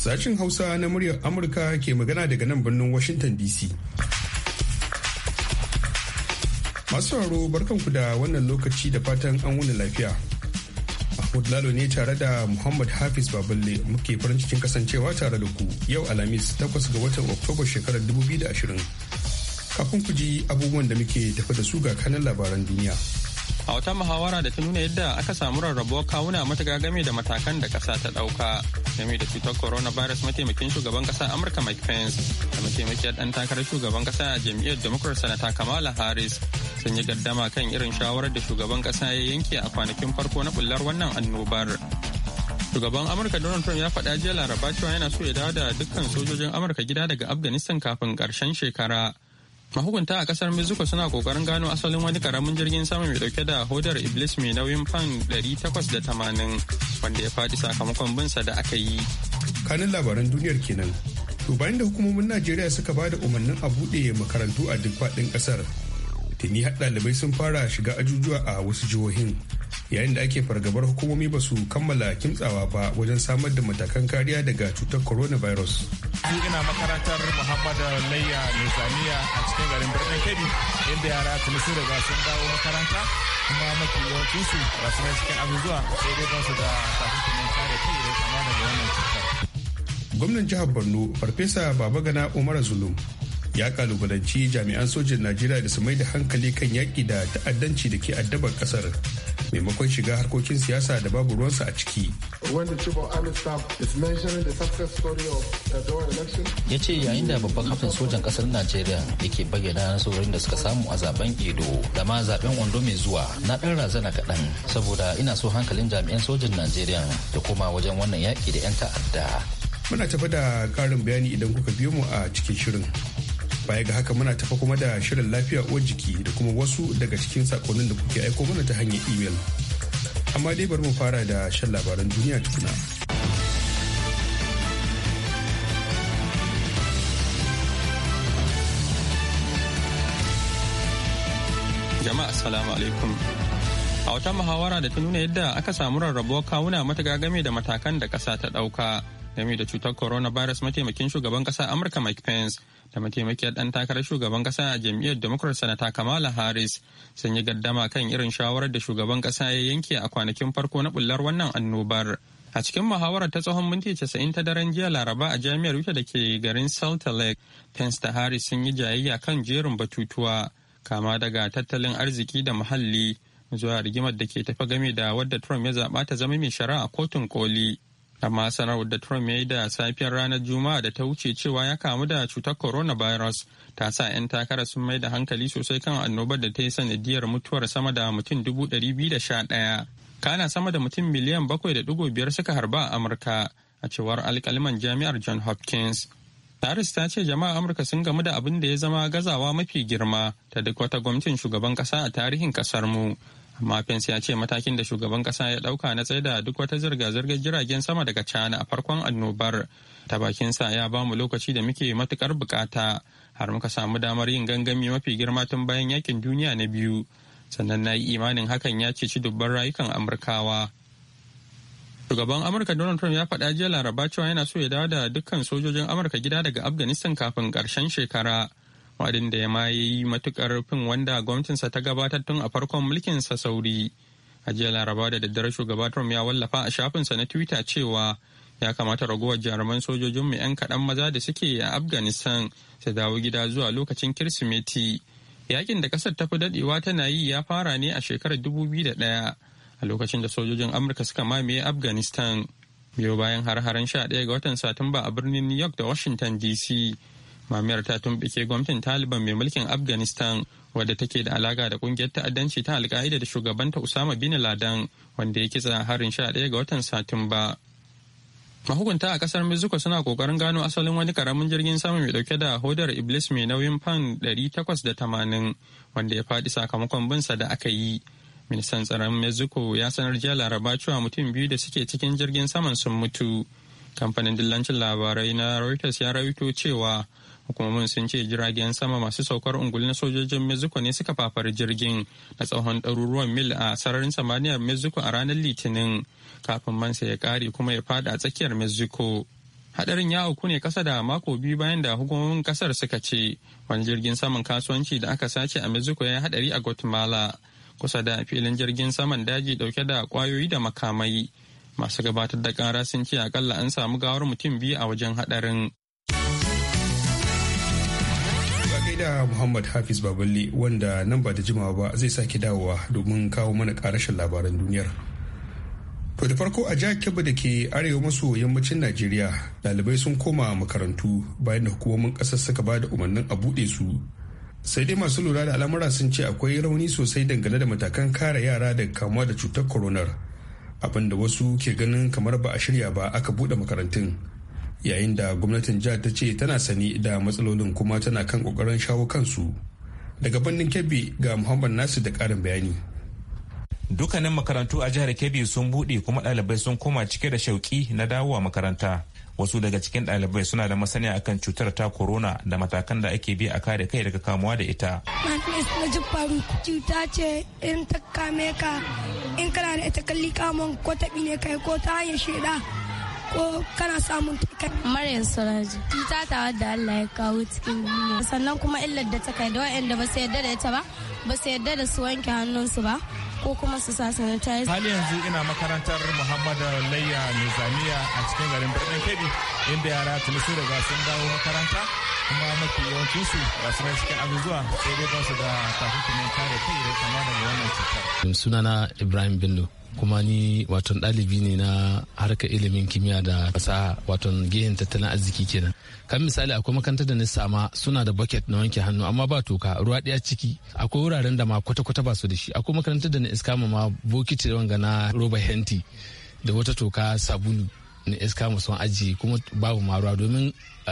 Sashin Hausa na muryar Amurka ke magana daga nan birnin Washington DC. Masu sauraro barkanku da wannan lokaci da fatan an wuni lafiya. Mahmud Lalo ne tare da Muhammad Hafiz Baballe muke farin cikin kasancewa tare da ku yau Alhamis takwas ga watan Oktoba shekarar 2020. Kafin ku ji abubuwan da muke tafi da su ga kanan labaran duniya. a wata muhawara da ta nuna yadda aka samu rarrabuwar kawuna matuƙa game da matakan da ƙasa ta ɗauka game da cutar corona virus mataimakin shugaban ƙasa amurka mike pence da mataimakiyar ɗan takarar shugaban ƙasa a jam'iyyar democrat sanata kamala harris sun yi gaddama kan irin shawarar da shugaban ƙasa ya yanke a kwanakin farko na bullar wannan annobar shugaban amurka donald trump ya faɗa jiya laraba cewa yana so ya dawo da dukkan sojojin amurka gida daga afghanistan kafin ƙarshen shekara mahukunta a kasar mexico suna kokarin gano asalin wani karamin jirgin sama mai dauke da hodar iblis mai nauyin fan 880 wanda ya faɗi sakamakon binsa da aka yi kanin labaran duniyar kenan to bayan da hukumomin najeriya suka ba da umarnin a buɗe makarantu a duk faɗin ƙasar tuni har ɗalibai sun fara shiga ajujuwa a wasu jihohin yayin da ake fargabar hukumomi ba su kammala kimtsawa ba wajen samar da matakan kariya daga cutar coronavirus. ina makarantar muhammadu layya nizamiya a cikin garin birnin kebbi inda yara tuni sun riga sun dawo makaranta kuma mafi su ba su na cikin abubuwa sai dai kansu da takunkumin kare kai da kama daga wannan cutar. gwamnan jihar borno farfesa babagana umar zulum ya kalubalanci jami'an sojin najeriya da su mai da hankali kan yaƙi da ta'addanci da ke addabar ƙasar maimakon shiga harkokin siyasa da babu ruwansa a ciki. Ya ce yayin da babban hafin sojan kasar Najeriya yake bayyana nasarorin da suka samu a zaben Edo da ma zaben Ondo mai zuwa na ɗan razana kaɗan saboda ina so hankalin jami'an sojan Najeriya da koma wajen wannan yaƙi da 'yan ta'adda. Muna tafi da ƙarin bayani idan kuka biyo mu a cikin shirin. baya ga haka muna tafa kuma da shirin lafiya uwar jiki da kuma wasu daga cikin sakonnin da kuke aiko mana ta hanyar imel amma dai bari mu fara da shan labaran duniya tukuna jama'a assalamu alaikum a wata muhawara da ta nuna yadda aka samu rarrabuwar kawuna matuƙa game da matakan da ƙasa ta ɗauka game da cutar corona virus mataimakin shugaban kasa amurka mike pence da mataimakiyar dan takarar shugaban kasa a jam'iyyar democrat sanata kamala harris sun yi gaddama kan irin shawarar da shugaban kasa ya yanke a kwanakin farko na bullar wannan annobar a cikin muhawarar ta tsohon minti 90 ta daren jiya laraba a jami'ar wuta da ke garin salt lake pence da harris sun yi jayayya kan jerin batutuwa kama daga tattalin arziki da muhalli zuwa rigimar da ke tafi game da wadda trump ya zaɓa ta zama mai shari'a a kotun koli amma sanarwar da Trump ya yi da safiyar ranar Juma'a da ta wuce cewa ya kamu da cutar coronavirus ta sa 'yan takara sun mai da hankali sosai kan annobar da ta yi sanadiyar mutuwar sama da mutum dubu ɗari biyu da sha ɗaya Kana sama da mutum miliyan bakwai da biyar suka harba a Amurka a cewar alkaliman jami'ar John Hopkins. Harris ta ce jama'a Amurka sun gamu da abin da ya zama gazawa mafi girma ta duk wata gwamnatin shugaban ƙasa a tarihin ƙasar mu amma pence ya ce matakin da shugaban kasa ya dauka na tsaida duk wata zirga-zirgar jiragen sama daga cana a farkon annobar ta bakinsa ya ba mu lokaci da muke matukar bukata har muka samu damar yin gangami mafi girma tun bayan yakin duniya na biyu sannan na yi imanin hakan ya ci dubban rayukan amurkawa shugaban amurka donald trump ya faɗa jiya laraba cewa yana so ya dawo da dukkan sojojin amurka gida daga afghanistan kafin karshen shekara wadin da ya ma yi matukar rufin wanda gwamnatinsa ta gabatar tun a farkon mulkin sa sauri a jiya laraba da daddare shugaba trump ya wallafa a shafinsa na twitter cewa ya kamata ragowar jaruman sojojin mu 'yan kaɗan maza da suke a afghanistan su dawo gida zuwa lokacin kirsimeti yakin da ƙasar ta fi daɗewa tana yi ya fara ne a shekarar dubu biyu da ɗaya. a lokacin da sojojin amurka suka mamaye afghanistan biyo bayan har-haren 11 ga watan satumba a birnin new york da washington dc mamiyar ta tumɓuke gwamnatin taliban mai mulkin afghanistan wadda take da alaka da kungiyar ta'addanci ta alka'ida da shugabanta usama bin laden wanda ya kitsa harin sha ɗaya ga watan satumba mahukunta a kasar mexico suna kokarin gano asalin wani karamin jirgin sama mai dauke da hodar iblis mai nauyin fan 880 wanda ya faɗi sakamakon binsa da aka yi ministan tsaron mexico ya sanar jiya laraba cewa mutum biyu da suke cikin jirgin saman sun mutu kamfanin dillancin labarai na reuters ya rawito cewa hukumomin sun ce jiragen sama masu saukar ungul na sojojin mexico ne suka fafari jirgin na tsawon ɗaruruwan mil a sararin samaniyar mexico a ranar litinin kafin mansa ya kare kuma ya fada a tsakiyar mexico hadarin ya auku ne kasa da mako biyu bayan da hukumomin kasar suka ce wani jirgin saman kasuwanci da aka sace a mexico ya hadari a guatemala kusa da filin jirgin saman daji dauke da kwayoyi da makamai masu gabatar da kara sun ce akalla an samu gawar mutum biyu a wajen hadarin gaida Muhammad Hafiz Baballe wanda nan ba da jimawa ba zai sake dawowa domin kawo mana karashin labaran duniyar. To da farko a jihar Kebbi da ke arewa maso yammacin Najeriya ɗalibai sun koma makarantu bayan da hukumomin ƙasar suka ba da umarnin a buɗe su. Sai dai masu lura da al'amura sun ce akwai rauni sosai dangane da matakan kare yara daga kamuwa da cutar coronar. abinda wasu ke ganin kamar ba a shirya ba aka buɗe makarantun. yayin da gwamnatin jihar ta ce tana sani da matsalolin kuma tana kan kokarin shawo kansu daga birnin kebbi ga muhammad nasu da karin bayani dukkanin makarantu a jihar kebbi sun buɗe kuma ɗalibai sun koma cike da shauki na dawowa makaranta wasu daga cikin ɗalibai suna da masaniya akan cutar ta corona da matakan da ake bi a kare kai daga kamuwa da ita. cuta ce in ta kame ka in kana da ita kalli kamun ko taɓi ne kai ko ta hanyar shaida ko kana samun kai. Maryam Suraji. Cuta ta wadda Allah ya kawo cikin duniya. Sannan kuma illar da ta kai da waɗanda ba su yarda da ita ba, ba su yarda da su wanke hannunsu ba. ko kuma su sa sanitizer. Hali yanzu ina makarantar Muhammadu Layya Nizamiya a cikin garin Birnin Kebbi inda yara tuni sun riga sun dawo makaranta kuma mafi yawancin su ga su cikin zuwa sai dai kansu da takunkumin kare kai da kama daga wannan cutar. sunana ibrahim bello kuma ni wato ɗalibi ne na harkar ilimin kimiyya da fasaha wato gehen tattalin arziki kenan kan misali akwai makarantar da na sama suna da bucket na wanke hannu amma ba toka ruwa ɗaya ciki akwai wuraren da ma kwata-kwata ba su da shi akwai makarantar da na iska ma bokiti wanga na roba henti da wata toka sabulu na iska sun ajiye kuma babu ma domin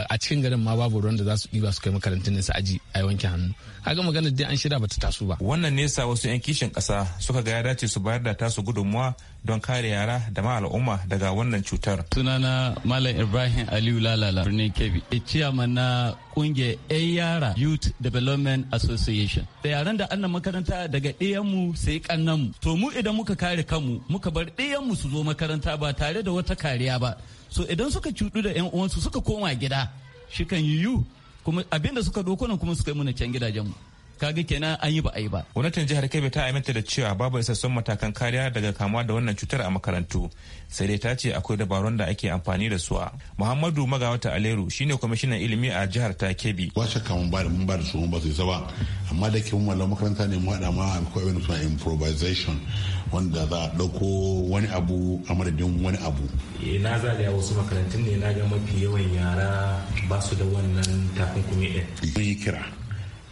a cikin garin ma babu ruwan da za su ɗiba su kai makarantun aji a wanke hannu kaga maganar dai an shirya bata tasu ba wannan nesa wasu yan kishin ƙasa suka ga ya dace su bayar da tasu gudunmuwa don kare yara da ma al'umma daga wannan cutar sunana malam ibrahim aliyu lalala birnin kebbi ciyaman na kungiyar 'yan yara youth development association da yaran da annan makaranta daga ɗayanmu sai mu. to mu idan muka kare kanmu muka bar ɗayanmu su zo makaranta ba tare da wata kariya ba so idan suka cuɗu da 'yan uwansu suka koma gida shi kan yiwu abinda suka doko nan kuma suka yi muna can gidajenmu kaga kenan an yi ba a yi ba gwamnatin jihar kebbi ta aminta da cewa babu isassun matakan kariya daga kamuwa da wannan cutar a makarantu sai dai ta ce akwai dabarun da ake amfani da su muhammadu magawata aleru shine kwamishinan ilimi a jihar ta kebbi ba shi kamun ba da mun ba da su mun ba su isa ba amma da ke mun malam makaranta ne mu haɗa ma akwai wani suna improvisation wanda za a ɗauko wani abu a madadin wani abu eh, na zagaya wasu makarantun ne na ga mafi yawan yara ba su da wannan takunkumi ɗin mun yi kira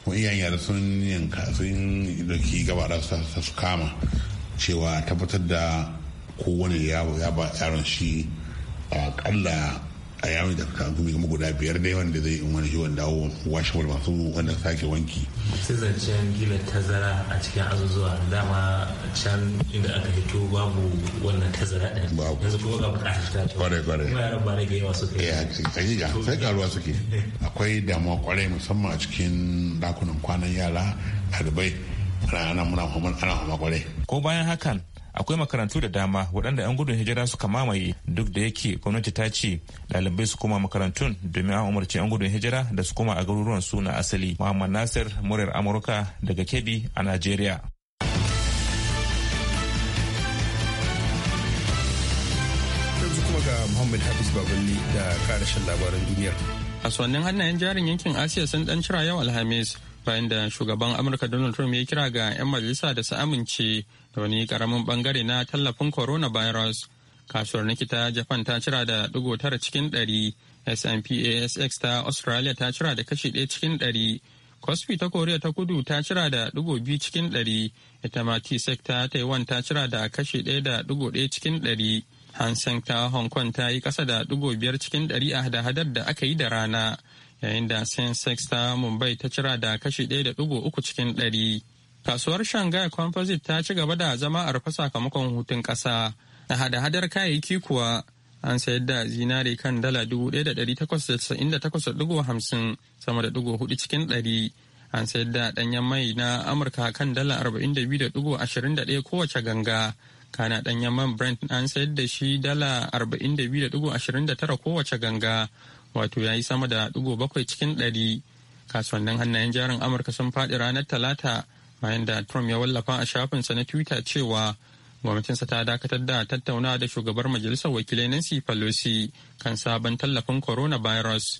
ko iyayen yara sun yanka sun doki gaba su su kama cewa tabbatar da kowane yaro ya ba yaron shi a ƙalla. a yawon da ka gumi kuma guda biyar dai wanda zai in wani shiwon dawo washe wani masu wanda sake wanki sai zancen gila tazara a cikin azuzuwa dama can inda aka hito babu wannan tazara din babu yanzu kuma ga bukatar ta kware kware kuma yaran ba rage yawa suke eh ga sai karuwa suke akwai damuwa kwarai musamman a cikin dakunan kwanan yara ɗalibai ana muna ana kwarai ko bayan hakan akwai makarantu da dama waɗanda 'yan gudun hijira suka mamaye duk da yake gwamnati ta ce ɗalibai su koma makarantun domin an umarci 'yan gudun hijira da su koma a garuruwan su na asali muhammad nasir muryar amurka daga kebbi a najeriya A kuma hafiz da labaran duniyar hannayen jarin yankin asiya sun dan cira yau alhamis bayan da shugaban amurka donald trump ya kira ga 'yan majalisa da su amince da wani karamin bangare na tallafin corona virus? kasuwar Nikita ta japan ta cira da dugo tara cikin ɗari S&P ta Australia ta cira da kashi ɗaya cikin ɗari. Kospi ta Korea ta Kudu ta cira da ɗigo biyu cikin ɗari. Ita ma t ta Taiwan ta cira da kashi ɗaya da ɗigo ɗaya cikin ɗari. Hang ta Hong Kong ta yi ƙasa da ɗigo biyar cikin ɗari a hada-hadar da aka yi da rana. yayin da sensex ta mumbai ta cira da kashi 1.3 cikin 100 kasuwar shanghai composite ta ci gaba da zama a rufe sakamakon hutun ƙasa na hada-hadar kayayyaki kuwa an sayar da zinare kan dala 1898.50 sama da ɗigo hudu cikin 100 an sayar da ɗanyen mai na amurka kan dala 42.21 kowace ganga kana ɗanyen man brent an sayar da shi dala 42.29 kowace ganga wato ya yi sama da ɗigo bakwai cikin ɗari kasuwannin hannayen jarin amurka sun faɗi ranar talata bayan da trump ya wallafa a shafinsa na twitter cewa gwamnatinsa ta dakatar da tattaunawa da shugabar majalisar wakilai nancy pelosi kan sabon tallafin coronavirus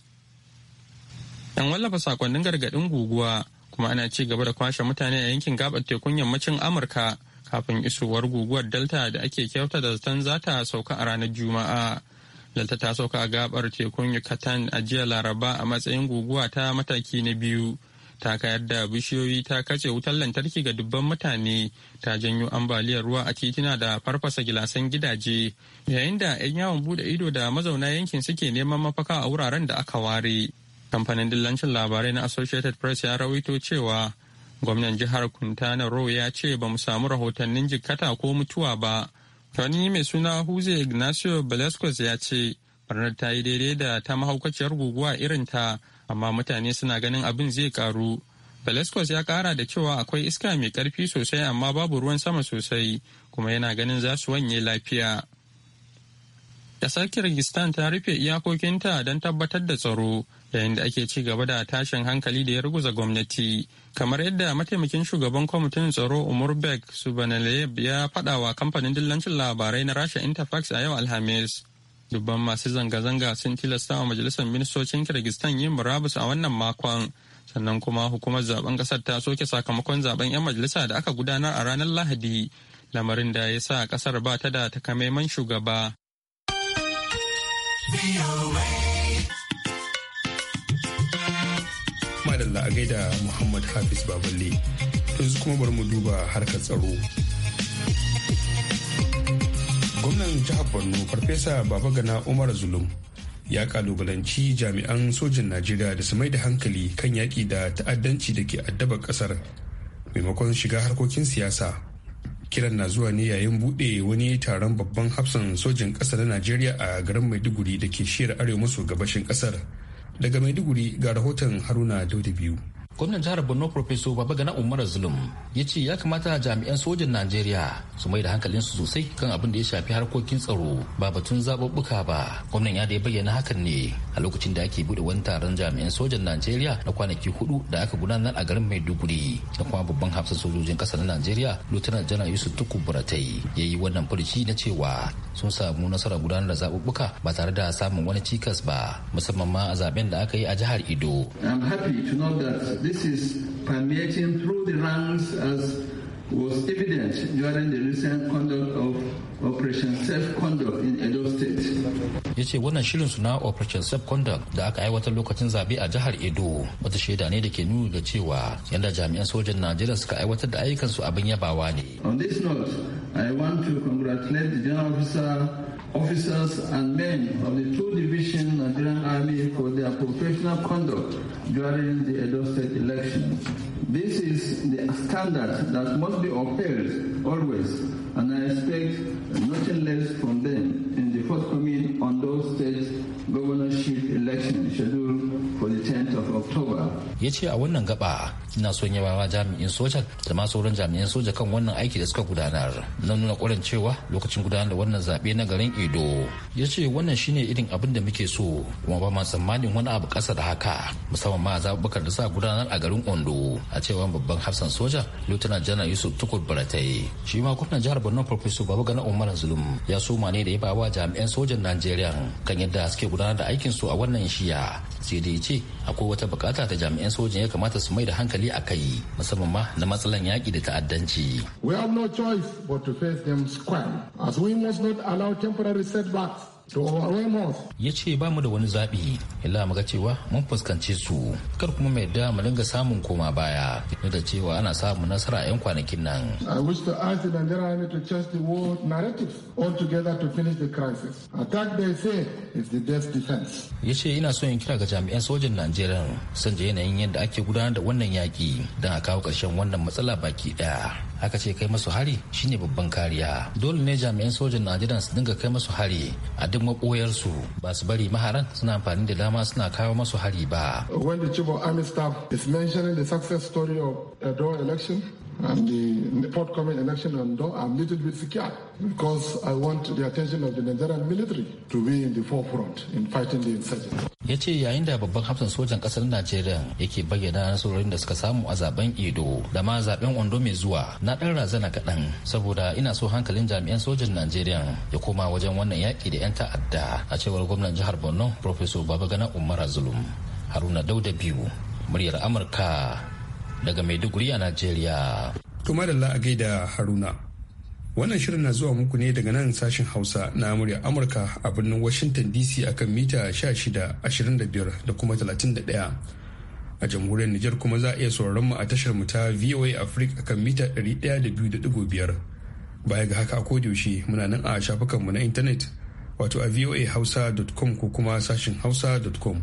yan wallafa sakonnin gargaɗin guguwa kuma ana ci gaba da kwashe mutane a yankin gabar tekun yammacin amurka kafin isowar guguwar delta da ake kyauta da zaton zata sauka a ranar juma'a Delta ta sauka a gabar tekun Yucatan a jiya Laraba a matsayin guguwa ta mataki na biyu. Ta kayar da bishiyoyi ta kace wutar lantarki ga dubban mutane ta janyo ambaliyar ruwa a titina da farfasa gilasan gidaje yayin da 'yan yawon bude ido da mazauna yankin suke neman mafaka a wuraren da aka ware. Kamfanin dillancin labarai na Associated Press ya rawaito cewa gwamnan jihar Kuntana ro ya ce ba mu samu rahotannin jikkata ko mutuwa ba Tony mai suna Jose Ignacio Velasquez ya ce, barnar ta yi daidai da ta mahaukaciyar guguwa irin ta, amma mutane suna ganin abin zai karu. Velasquez ya kara da cewa akwai iska mai ƙarfi sosai amma babu ruwan sama sosai, kuma yana ganin za su wanye lafiya. Ƙasar Kirgistan ta rufe iyakokinta don tabbatar da tsaro yayin da ake ci gaba da tashin hankali da ya ruguza gwamnati. Kamar yadda mataimakin shugaban kwamitin tsaro beg subanaleb ya faɗa wa kamfanin dillancin labarai na Rasha Interfax a yau Alhamis. Dubban masu zanga-zanga sun tilasta wa majalisar ministocin Kirgistan yin murabus a wannan makon. Sannan kuma hukumar zaben ƙasar ta soke sakamakon zaben 'yan majalisa da aka gudanar a ranar Lahadi. Lamarin da ya sa ƙasar ba ta da takamaiman shugaba. Madalla a gaida Muhammad Hafiz Baballe. Yanzu kuma bari mu duba harkar tsaro. Gwamnan jihar Borno Farfesa baba gana Umar Zulum ya kalubalanci jami'an sojin Najeriya da su mai da hankali kan yaƙi da ta'addanci da ke addaba ƙasar maimakon shiga harkokin siyasa. kiran na zuwa ne yayin bude wani taron babban hafsan sojin ƙasa na najeriya a garin maiduguri da ke shiyar arewa maso gabashin ƙasar daga maiduguri ga rahoton haruna dauda biyu gwamnan jihar borno professor babagana umar zulum ya ce ya kamata jami'an sojin najeriya su mai da hankalinsu sosai kan abin da ya shafi harkokin tsaro ba batun zaɓuɓɓuka ba gwamnan ya da ya bayyana hakan ne a lokacin da ake buɗe wani taron jami'an sojan najeriya na kwanaki hudu da aka gudanar a garin maiduguri da kuma babban hafsan sojojin ƙasa na najeriya lieutenant general yusuf tukku buratai ya yi wannan furici na cewa sun samu nasarar gudanar da zaɓuɓɓuka ba tare da samun wani cikas ba musamman ma a zaben da aka yi a jihar ido. This is permeating through the ranks as was evident during the recent conduct of Operation Safe Conduct in Edo State. ya ce wannan shirin su na operation safe conduct da aka aiwatar lokacin zabe a jihar edo wata shaida ne da ke nuni da cewa yadda jami'an sojan najeriya suka aiwatar da ayyukansu abin yabawa ne on this note i want to congratulate the general officer officers and men of the two division Nigerian Army for their professional conduct during the Edo State election. This is the standard that must be upheld always, and I expect nothing less from them forthcoming on those state governorship elections scheduled ya ce a wannan gaba ina son yabawa jami'in soja da ma sauran jami'an soja kan wannan aiki da suka gudanar na nuna ƙwarin cewa lokacin gudanar da wannan zaɓe na garin edo ya ce wannan shine irin abin da muke so kuma ba ma tsammanin wani abu ƙasa da haka musamman ma zaɓuɓɓukan da sa gudanar a garin ondo a cewa babban hafsan soja lieutenant janar yusuf tukur baratai shi ma gwamnan jihar borno professor baba gana umar zulum ya soma ne da ya bawa jami'an sojan najeriya kan yadda suke gudanar da aikinsu a wannan shiya sai dai ce akwai wata bukata da jami'an sojin ya kamata su mai da hankali a kai musamman ma na matsalan yaƙi da ta'addanci. We have no choice but to face them square as we must not allow temporary setbacks ya ce ba mu da wani zaɓi illa mu ga cewa mun fuskanci su kar kuma mai da mu dinga samun koma baya duk da cewa ana samun nasara a 'yan kwanakin nan i wish to ask the nigerian army to change the war narrative altogether to finish the crisis attack they say is the best defense ya ce ina so in kira ga jami'an sojan najeriya sanje yanayin yadda ake gudanar da wannan yaki don a kawo ƙarshen wannan matsala baki ɗaya aka ce kai masu hari shine babban kariya dole ne jami'an sojan najeriya su dinga kai masu hari a duk maboyarsu ba su bari maharan suna amfani da dama suna kawo masu hari ba when the chief of army staff is mentioning the success story of the uh, election and the, forthcoming election on Dawn, I'm little bit scared. because I want the attention of the Nigerian military to be in the forefront in fighting the insurgents. ya ce yayin da babban hafsan sojan kasar najeriya yake bayyana nasarorin da suka samu a zaben edo da ma zaben ondo mai zuwa na dan razana kaɗan saboda ina so hankalin jami'an sojan najeriya ya koma wajen wannan yaki da 'yan ta'adda a cewar gwamnan jihar borno professor babagana umar zulum haruna dauda biyu muryar amurka daga maiduguri a najeriya to da a gaida haruna Wannan shirin na zuwa muku ne daga nan sashen Hausa na murya Amurka a birnin Washington DC akan mita 16.25 da kuma 31. a jamhuriyar Nijar kuma za a iya sauraron mu a tashar mu ta VOA Africa akan mita 102.5 baya ga haka a yaushe muna nan a shafukan mu na intanet wato a voahausa.com ko kuma sashin hausa.com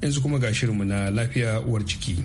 yanzu kuma ga shirin mu na lafiya uwar ciki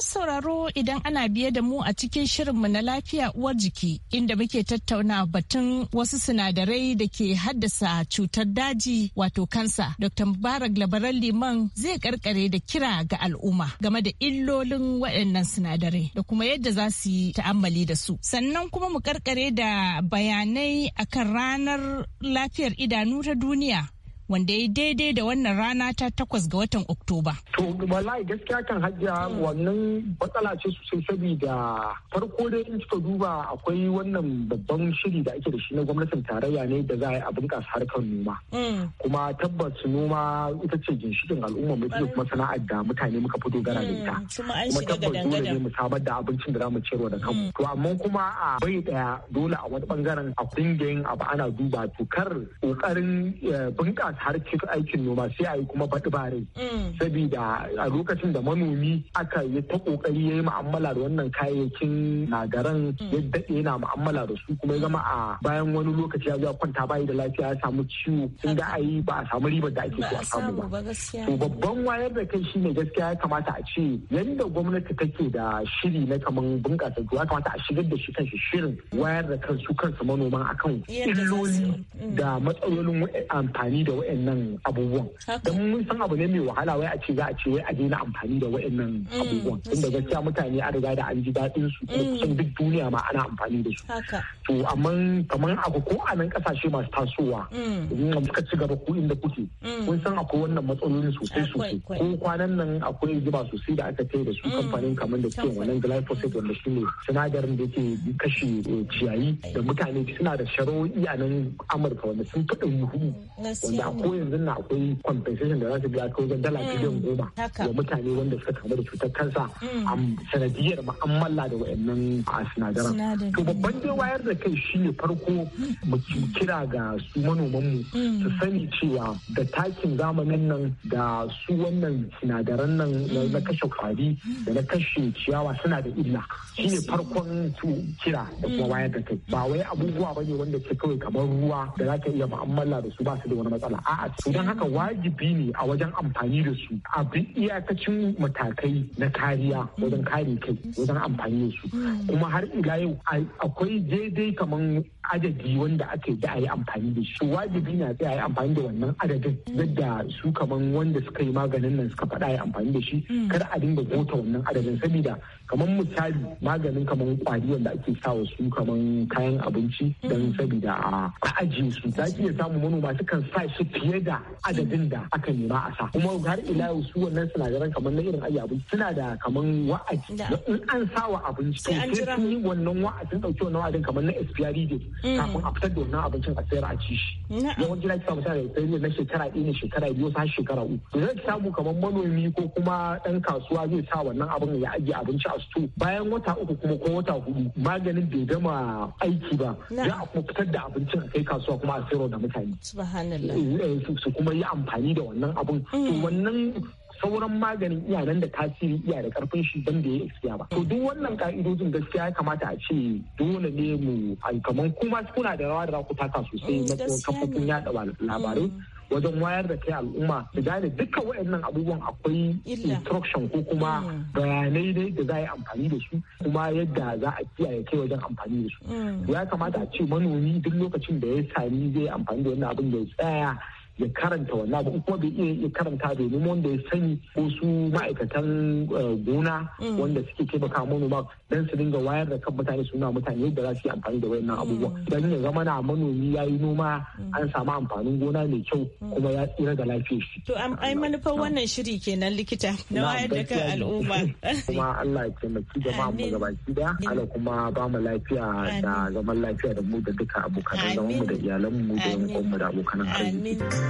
masu sauraro idan ana biye da mu a cikin shirinmu na lafiya uwar jiki inda muke tattauna batun wasu sinadarai da ke haddasa cutar daji wato kansa. Dr. Mubarak Labaran Liman zai karkare da kira ga al'umma game da illolin waɗannan sinadarai da kuma yadda za su yi ta'ammali da su. Sannan kuma mu karkare da bayanai akan ranar lafiyar idanu ta duniya wanda ya daidai da wannan rana ta takwas ga watan Oktoba. To wallahi gaskiya kan hajjia wannan matsala ce su sosai saboda farko da in cika duba akwai wannan babban shiri da ake da shi na gwamnatin tarayya ne da za a yi a bunƙasa harkar noma. Mm. Kuma tabbas noma ita ce ginshikin al'umma mu kuma sana'ar da mutane muka fi dogara da ita. Mm, kuma tabbas dole ne mu samar da abincin da za mu ciyarwa da kanmu. Mm. To amma kuma a bai daya dole a wani bangaren a kungiyar yin abu ana duba to kar ƙoƙarin eh, bunƙasa har cika aikin noma sai a yi kuma faɗi rai. Mm. sabida a lokacin da manomi aka yi ta ƙoƙari ya yi mu'amala da wannan kayayyakin nagaran mm. ya daɗe yana mu'amala da su kuma ya zama a bayan wani lokaci ya zuwa kwanta bayi da lafiya ya samu ciwo in da yi ba a samu ribar da ake so a samu ba to babban wayar da kai shine gaskiya ya kamata a ce yadda gwamnati take da shiri na kamar bunƙasa ya kamata a shigar da shi kanshi shirin wayar da kansu kansu manoma akan illoli mm. da matsalolin amfani da wa'annan abubuwan don mun san abu ne mai wahala wai a ce za a ce wai a daina amfani da wa'annan mm, abubuwan tunda gaskiya mutane a riga da an ji daɗin su kuma mm. kusan duk duniya ma ana amfani da su to amma kamar abu ko a nan kasashe masu tasowa mm. in suka ci gaba ku inda kuke kun san akwai wannan matsaloli sosai sosai ko kwanan nan akwai zuba sosai da aka kai da su kamfanin kamar da ke wannan glyphosate wanda shi ne sinadarin da yake kashe eh, ciyayi da mutane suna da sharo'i a nan amurka wanda sun fi ɗari hudu wanda a ko yanzu na akwai compensation da za su biya ko wajen dala biliyan mm, goma ga mutane wanda suka kamu da cutar kansa mm. a sanadiyar ma'amala da wayannan a sinadaran to babban dai wayar da kai shi ne farko mu kira ga su manoman mu mm. su sani cewa da takin zamanin nan da su wannan sinadaran nan na kashe kwari da na kashe ciyawa suna da illa Shi ne farkon su kira da kuma wayar da kai ba wai abubuwa ba ne wanda ke kawai kamar ruwa da za ka iya ma'amala da su ba su da wani matsala a'a to don haka wajibi ne a wajen amfani da su a bi iyakacin matakai na kariya wajen kare kai wajen amfani da su kuma har ila yau akwai daidai kamar adadi wanda ake yi a yi amfani da shi wajibi na sai a yi amfani da wannan adadin yadda su kaman wanda suka yi maganin nan suka faɗa a yi amfani da shi mm. kar a dinga gota wannan adadin saboda kaman misali maganin kaman kwari wanda ake sawa su kaman kayan abinci mm. don saboda a ajiye su za ki iya samun manoma kan sa shi fiye da adadin da aka nema a sa kuma har ila yau su wannan sinadaran kaman na irin ayyabu suna da kaman wa'adi in an sawa abinci to sai sun yi wannan wa'adin ɗauki wannan wa'adin kaman na expiry date Mm. kafin a fitar da wannan abincin a sayar a ci shi Yawan jira kisa misali sai ne na shekara ɗaya ne shekara biyu sa shekara uku zai samu kamar manomi ko kuma ɗan kasuwa zai sa wannan abin ya ajiye abinci a sto bayan wata uku kuma ko wata hudu maganin bai gama aiki ba za a kuma fitar da abincin a kai kasuwa kuma a sayar da mutane eh, eh, su kuma yi amfani da wannan abin mm. wannan sauran maganin iya nan da tasiri iya da karfin shi dan da ya iskiya ba to duk wannan ka'idojin gaskiya ya kamata a ce dole ne mu kamar kuma kuna da rawa da za ku taka sosai eh, na kafofin yada labarai mm. wajen wayar da kai al'umma su gane dukkan waɗannan abubuwan akwai instruction ko kuma mm. bayanai ne da za a yi amfani da su kuma yadda za a kiyaye kai wajen amfani da su mm. ya kamata a ce manomi duk lokacin da ya sami zai amfani da wannan abin da ya tsaya ya karanta wannan abu kuma bai iya karanta domin wanda ya sani Wasu ma'aikatan eh, gona mm. wanda suke taimaka manoma dan su dinga wayar da kan mutane suna mutane yadda za su yi amfani da wayannan mm. abubuwa dan ya zama na manomi ya yi noma mm. an samu amfanin gona mai kyau kuma ya tsira da lafiya shi. To ai manufar wannan shiri kenan likita na wayar da kan al'umma. Kuma Allah ya taimaki jama'a mu gabaki da. Allah kuma ba mu lafiya da zaman lafiya da mu da duka abokan da mu da iyalan mu da mu da abokan arziki.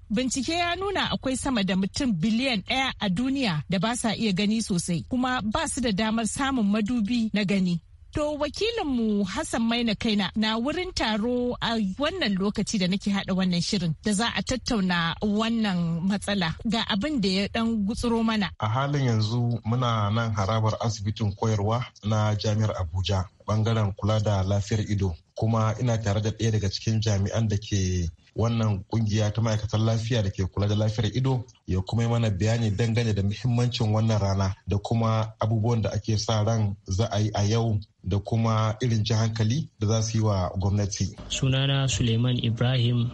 bincike ya nuna akwai sama da mutum biliyan ɗaya a duniya da ba sa iya gani sosai kuma ba su da damar samun madubi na gani To wakilinmu Hassan Maina Kaina na wurin taro a wannan lokaci da nake hada wannan shirin da za a tattauna wannan matsala ga abin da ya dan gutsuro mana. A halin yanzu muna nan harabar asibitin koyarwa na Jami'ar Abuja bangaren kula da lafiyar ido kuma ina tare da ɗaya daga cikin jami'an da ke wannan kungiya ta ma'aikatar lafiya da ke kula da lafiyar ido ya kuma yi mana bayani dangane da muhimmancin wannan rana da kuma abubuwan da ake sa ran za a yi a yau da kuma irin ji hankali da za su yi wa gwamnati. Sunana Suleiman Ibrahim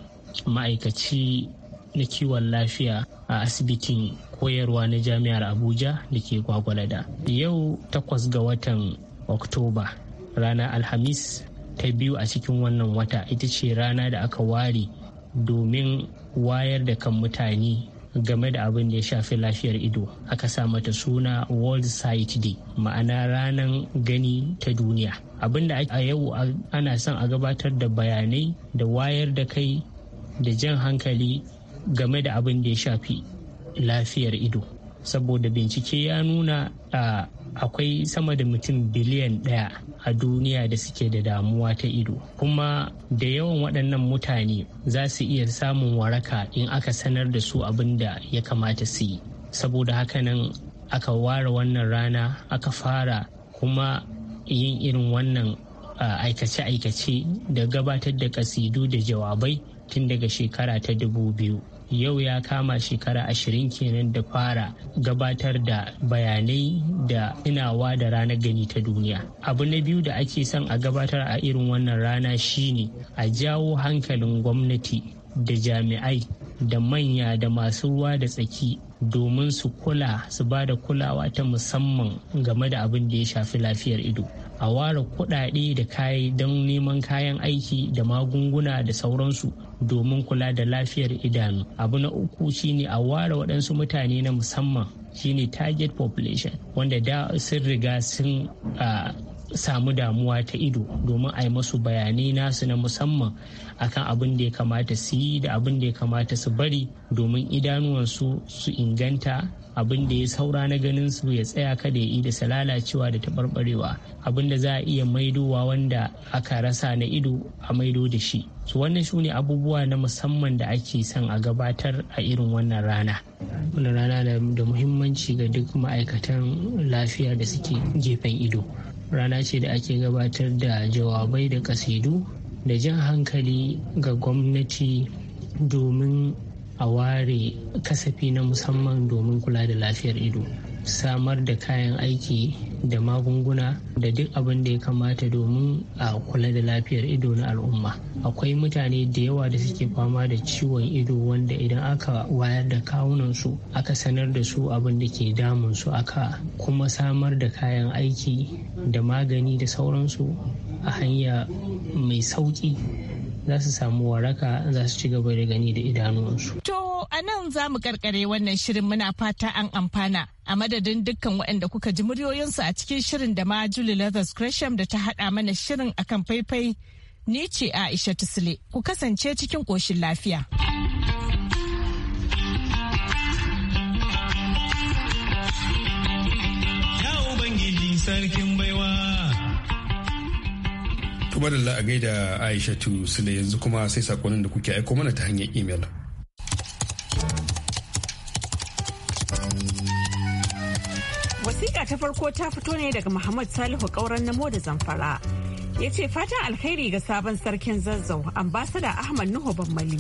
ma'aikaci na kiwon lafiya a asibitin koyarwa na jami'ar Abuja da ke Gwagwalada. Yau takwas ga watan Oktoba rana alhamis ta biyu a cikin wannan wata ita ce rana da aka ware domin wayar da kan mutane game da abin da ya shafi lafiyar ido aka sa mata suna world sight day ma'ana ranar gani ta duniya abin da a yau ana son a gabatar da bayanai da wayar da kai da jan hankali game da abin da ya shafi lafiyar ido saboda bincike ya nuna akwai sama da mutum biliyan ɗaya a duniya da suke da damuwa ta ido kuma da yawan waɗannan mutane za su iya samun waraka in aka sanar da su abin da ya kamata su yi saboda haka nan aka ware wannan rana aka fara kuma yin irin wannan aikace-aikace da gabatar da kasidu da jawabai tun daga shekara ta dubu biyu. yau ya kama shekara ashirin kenan da fara gabatar da bayanai da tunawa da ranar gani ta duniya abu na biyu da ake son a gabatar a irin wannan rana shine a jawo hankalin gwamnati da jami'ai da manya da masu ruwa da tsaki domin su kula su ba da kulawa ta musamman game da abin da ya shafi lafiyar ido a ware kuɗaɗe da kayi don neman kayan aiki da magunguna da sauransu domin kula da lafiyar idanu abu na uku shine a ware waɗansu mutane na musamman shine target population wanda da sun riga sun ah, samu damuwa ta ido domin a yi masu bayanai nasu na musamman akan abin da ya kamata su yi da abin da ya kamata su bari domin idanuwansu su inganta abin da ya saura na ganin su ya tsaya kada ya yi da su lalacewa da taɓarɓarewa abin da za a iya maidowa wanda aka rasa na ido a maido da shi su wannan su ne abubuwa na musamman da ake son a gabatar a irin wannan rana wannan rana da muhimmanci ga duk ma'aikatan lafiya da suke gefen ido rana ce da ake gabatar da jawabai da kasidu da jan hankali ga gwamnati domin a ware kasafi na musamman domin kula da lafiyar ido samar da kayan aiki da magunguna da duk abin da ya kamata domin a kula da lafiyar ido na al'umma akwai mutane da yawa da suke fama da ciwon ido wanda idan aka wayar da kawunan su aka sanar da su abin da ke damun su aka kuma samar da kayan aiki da magani da sauransu a hanya mai sauki za su samu waraka za su ci gaba da gani da idanuwansu a nan za mu karkare wannan shirin muna fata an amfana a madadin dukkan waɗanda kuka ji muryoyinsu a cikin shirin da ma Julie Leathers Gresham da ta haɗa mana shirin akan faifai ni ce Aisha Tusle ku kasance cikin ƙoshin lafiya. Kuma da la'agai baiwa. gaida Aisha Tusle yanzu kuma sai sakonin da kuke aiko mana ta hanyar imel. Wasiƙa ta farko ta fito ne daga Muhammad Salihu ƙauren namo da zamfara. Ya ce fatan alkhairi ga sabon sarkin zazzau ambasada Ahmad Nuhu Bammali.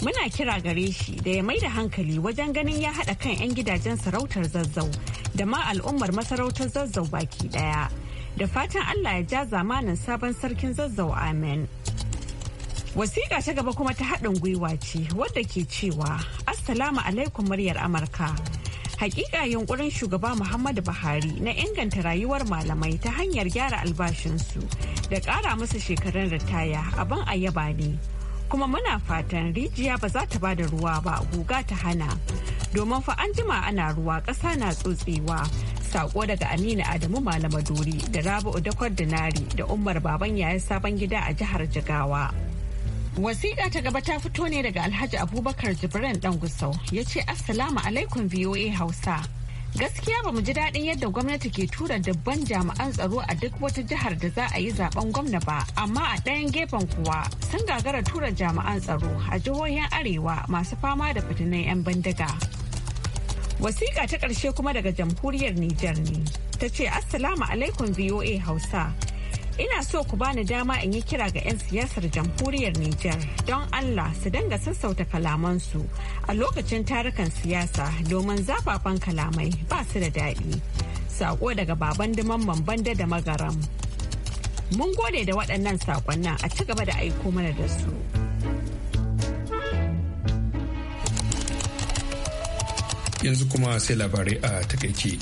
Muna kira gare shi da ya mai da hankali wajen ganin ya haɗa kan 'yan gidajen sarautar zazzau da ma al'ummar masarautar zazzau baki ɗaya. Da fatan Allah ya ja zamanin sabon sarkin zazzau amen. Wasiƙa ta gaba kuma ta haɗin gwiwa ce wadda ke cewa Assalamu alaikum muryar Amurka. Hakika yunkurin shugaba Muhammadu Buhari na inganta rayuwar malamai ta hanyar gyara albashinsu da kara musu shekarun ritaya abin ayaba ne. Kuma muna fatan rijiya ba za ta bada ruwa ba guga ta hana. Domin fa an jima ana ruwa ƙasa na tsotsewa. Sako daga amina Adamu dori da Rabi'u Dakwar Dinari da Umar Baban yayin Sabon Gida a jihar Jigawa. Wasiƙa ta gaba ta fito ne daga Alhaji Abubakar Jibran ɗan Gusau ya ce Assalamu alaikum VOA Hausa. Gaskiya ba mu ji daɗin yadda gwamnati ke tura dabban jami'an tsaro a duk wata jihar da za a yi zaben gwamna ba, amma a ɗayan gefen kuwa sun gagara tura jami'an tsaro a jihohin Arewa masu fama da fitinan 'yan bindiga. Wasiƙa ta ƙarshe kuma daga jamhuriyar Nijar ne, ta ce Assalamu alaikum VOA Hausa. ina so ku bani dama in yi kira ga 'yan siyasar jamhuriyar Nijar don Allah su dinga sassauta kalamansu a lokacin tarukan siyasa domin zafafan kalamai ba su da daɗi. Sako daga baban duman banda da magaram. Mun gode da waɗannan saƙonnan a ci gaba da aiko mana da su. Yanzu kuma sai labarai a takaice.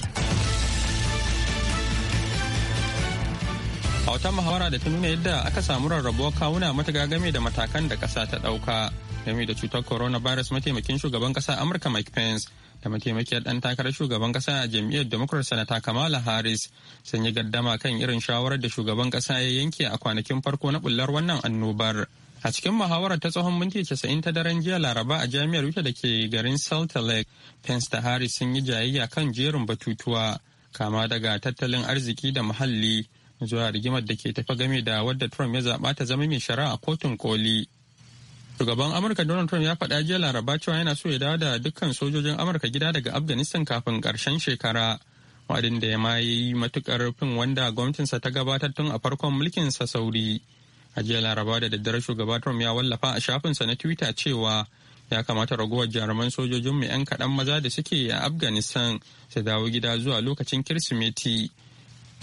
a wata muhawara da ta nuna yadda aka samu rarrabuwar kawuna matuƙa game da matakan da ƙasa ta ɗauka game da cutar coronavirus mataimakin shugaban ƙasa amurka mike pence da mataimakiyar ɗan takarar shugaban ƙasa a jam'iyyar democrat sanata kamala harris sun yi gaddama kan irin shawarar da shugaban ƙasa ya yanke a kwanakin farko na bullar wannan annobar a cikin muhawarar ta tsohon minti casa'in ta daren jiya laraba a jami'ar wuta da ke garin salt lake pence da harris sun yi jayayya kan jerin batutuwa kama daga tattalin arziki da muhalli zuwa rigimar da ke tafi game da wadda Trump ya zaɓa ta zama mai shari'a a kotun koli. Shugaban Amurka Donald Trump ya faɗa jiya laraba cewa yana so ya dawo da dukkan sojojin Amurka gida daga Afghanistan kafin ƙarshen shekara. Wadin da ya ma yi matukar rufin wanda gwamnatinsa ta gabatar tun a farkon mulkin sa sauri. A jiya laraba da daddare shugaba Trump ya wallafa a shafinsa na Twitter cewa ya kamata raguwar jaruman sojojin sojojinmu 'yan kaɗan maza da suke a afghanistan su dawo gida zuwa lokacin kirsimeti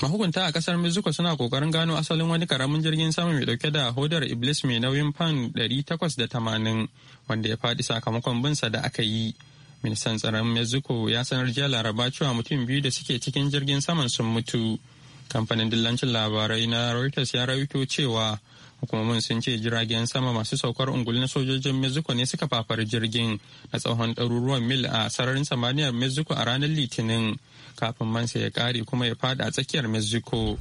mahukunta a kasar mexico suna kokarin gano asalin wani karamin jirgin sama mai dauke da hodar iblis mai nauyin fan 880 wanda ya faɗi sakamakon binsa da aka yi ministan tsaron mexico ya sanar jiya laraba cewa mutum biyu da suke cikin jirgin saman sun mutu kamfanin dillancin labarai na reuters ya rawito cewa hukumomin sun ce jiragen sama masu saukar ungul na sojojin mexico ne suka fafari jirgin na tsawon ɗaruruwan mil a sararin samaniyar mexico a ranar litinin kafin mansa ya kare kuma ya fada a tsakiyar mexico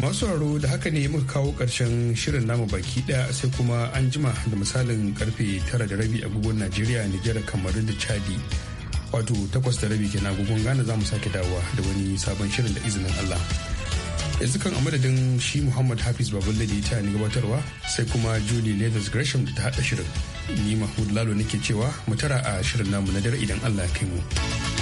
masu sauraro da haka ne muka kawo ƙarshen shirin namu baki ɗaya sai kuma an jima da misalin karfe tara da rabi agogon najeriya nijar kamar da chadi wato takwas da rabi kenan agogon gane za mu sake dawowa da wani sabon shirin da izinin allah yanzu kan amadadin shi muhammad hafiz baballe da ita ni gabatarwa sai kuma julie leathers gresham da ta haɗa shirin ni mahmud lalo nake cewa mu tara a shirin namu na dare idan allah ya kai mu.